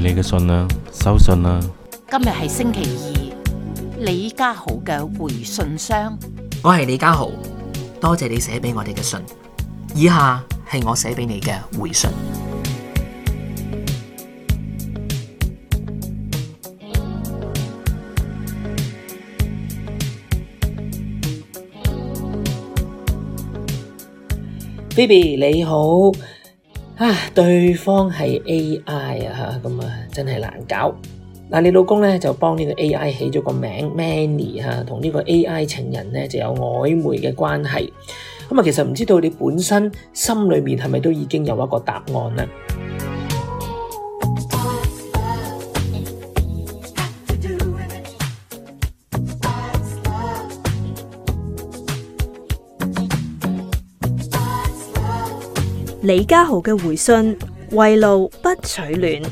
你嘅信啦、啊，收信啦、啊。今日係星期二，李家豪嘅回信箱。我係李家豪，多謝你寫俾我哋嘅信。以下係我寫俾你嘅回信。Baby，你好。啊！對方係 A.I. 啊，咁啊真係難搞。嗱，啊，你老公咧就幫呢個 A.I. 起咗個名 Mani 啊，同呢個 A.I. 情人咧就有曖昧嘅關係。咁啊，其實唔知道你本身心裏面係咪都已經有一個答案啦？李家豪嘅回信：圍爐不取暖。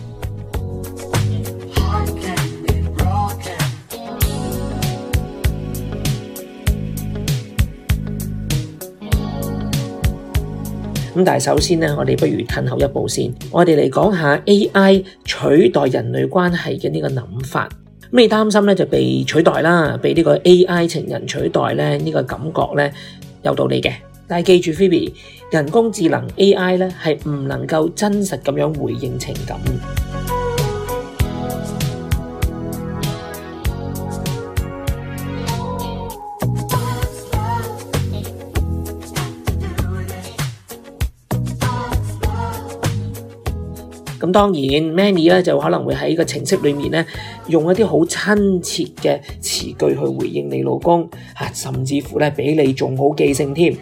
但首先咧，我哋不如退後一步先。我哋嚟講下 AI 取代人類關係嘅呢個諗法。咁你擔心咧就被取代啦，被呢個 AI 情人取代咧，呢個感覺咧有道理嘅。但係記住，Phoebe，人工智能 A.I. 呢，係唔能夠真實咁樣回應情感。咁當然，Mani 呢就可能會喺個程式裏面呢，用一啲好親切嘅詞句去回應你老公吓，甚至乎呢比你仲好記性添。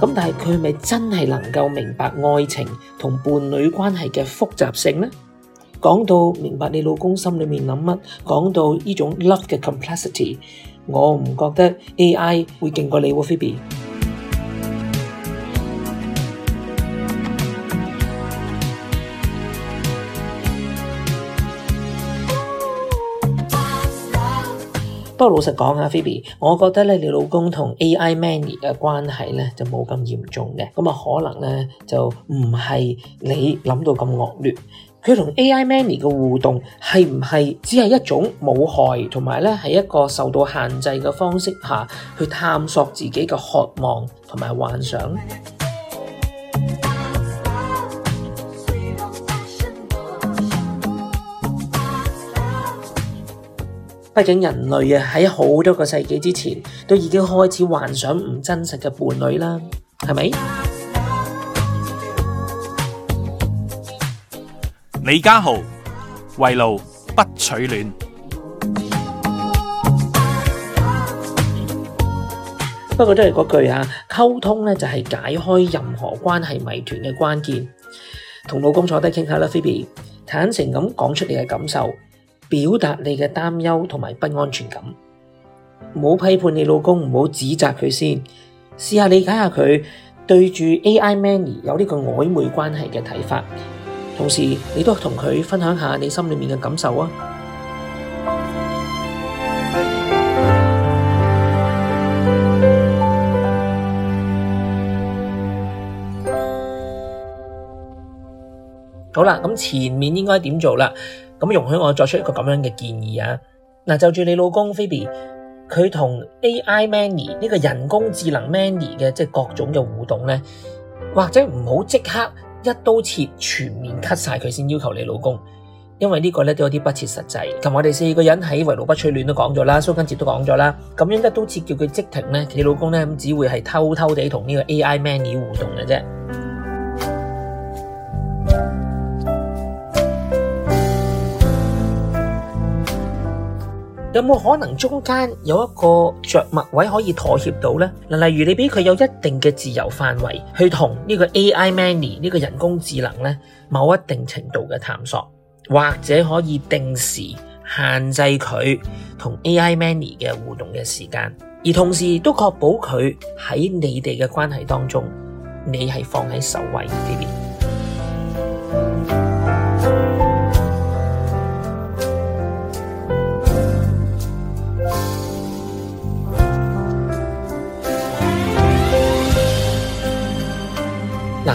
咁但係佢咪真係能夠明白愛情同伴侶關係嘅複雜性呢？講到明白你老公心裏面諗乜，講到呢種 love 嘅 complexity，我唔覺得 AI 會勁過你喎，Phoebe。不過老實講啊，Phoebe，我覺得咧你老公同 AI Mani 嘅關係咧就冇咁嚴重嘅，咁啊可能咧就唔係你諗到咁惡劣。佢同 AI Mani 嘅互動係唔係只係一種冇害，同埋咧係一個受到限制嘅方式下去探索自己嘅渴望同埋幻想？畢竟人類啊喺好多個世紀之前都已經開始幻想唔真實嘅伴侶啦，係咪？李家豪，圍爐不取暖。不過都係嗰句啊，溝通咧就係解開任何關係謎團嘅關鍵。同老公坐低傾下啦，Phoebe，坦誠咁講出你嘅感受。表達你嘅擔憂同埋不安全感，唔好批判你老公，唔好指責佢先，試下理解下佢對住 AI Mani 有呢個曖昧關係嘅睇法，同時你都同佢分享下你心裏面嘅感受啊！好啦，咁前面應該點做啦？咁容許我作出一個咁樣嘅建議啊！嗱，就住你老公 Phoebe，佢同 AI Mani 呢個人工智能 Mani 嘅即係各種嘅互動呢，或者唔好即刻一刀切全面 cut 晒佢先，要求你老公，因為呢個呢都有啲不切實際。同我哋四個人喺《圍爐不取暖》都講咗啦，蘇根哲都講咗啦，咁樣一刀切叫佢即停呢，你老公呢，咁只會係偷偷地同呢個 AI Mani 互動嘅啫。有冇可能中間有一個着墨位可以妥協到呢？嗱，例如你俾佢有一定嘅自由範圍去同呢個 AI Mani 呢個人工智能呢，某一定程度嘅探索，或者可以定時限制佢同 AI Mani 嘅互動嘅時間，而同時都確保佢喺你哋嘅關係當中，你係放喺首位，Phoebe。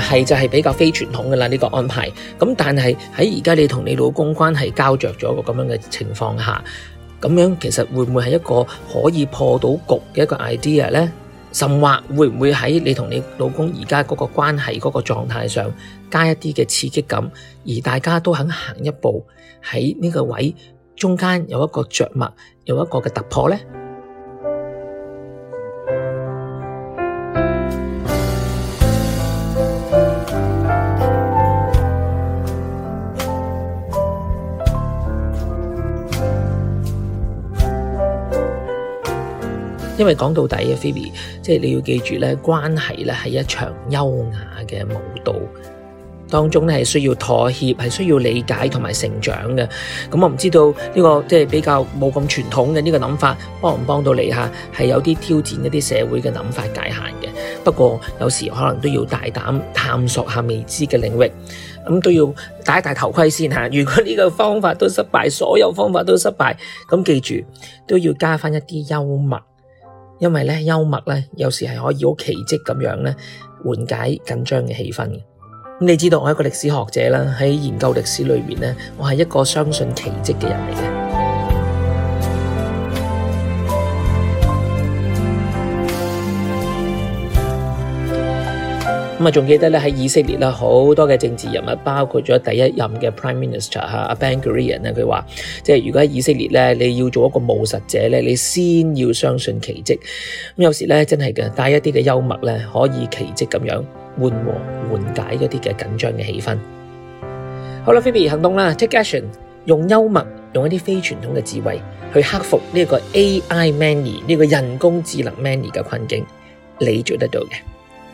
係就係比較非傳統嘅啦，呢個安排。咁但係喺而家你同你老公關係膠着咗個咁樣嘅情況下，咁樣其實會唔會係一個可以破到局嘅一個 idea 呢？甚或會唔會喺你同你老公而家嗰個關係嗰個狀態上加一啲嘅刺激感，而大家都肯行一步喺呢個位中間有一個著墨，有一個嘅突破呢？因為講到底啊，Phoebe，即係你要記住呢，關係呢係一場優雅嘅舞蹈，當中呢係需要妥協，係需要理解同埋成長嘅。咁、嗯、我唔知道呢、這個即係、就是、比較冇咁傳統嘅呢個諗法，幫唔幫到你吓？係有啲挑戰一啲社會嘅諗法界限嘅。不過有時可能都要大膽探索下未知嘅領域，咁、嗯、都要戴一戴頭盔先吓。如果呢個方法都失敗，所有方法都失敗，咁、嗯、記住都要加返一啲幽默。因為咧幽默咧，有時係可以好奇蹟咁樣咧，緩解緊張嘅氣氛。你知道我係一個歷史學者啦，喺研究歷史裏面咧，我係一個相信奇蹟嘅人嚟嘅。咁啊，仲記得咧喺以色列啦，好多嘅政治人物，包括咗第一任嘅 Prime Minister 哈阿 Ben Gurion 啦，佢話即係如果喺以色列咧，你要做一個務實者咧，你先要相信奇迹。咁有時咧真係嘅，帶一啲嘅幽默咧，可以奇迹咁樣緩和緩解一啲嘅緊張嘅氣氛。好啦，Phoebe 行動啦，Take action，用幽默，用一啲非傳統嘅智慧去克服呢個 AI Mani 呢個人工智能 Mani 嘅困境，你做得到嘅。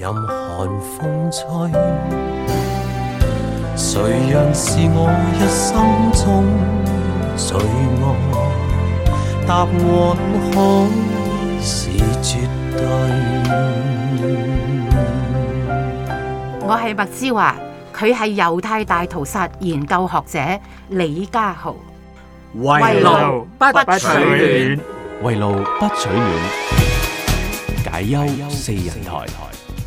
任寒風吹誰人是我一生中最愛，答案好似絕對。我係麥之華，佢係猶太大屠殺研究學者李家豪。圍爐不，不，不，不取暖，圍爐不取暖，解憂四人台。